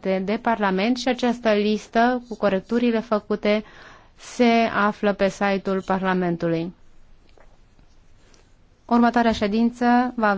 parte de Parlament și această listă cu corecturile făcute se află pe site-ul Parlamentului. Următoarea ședință va avea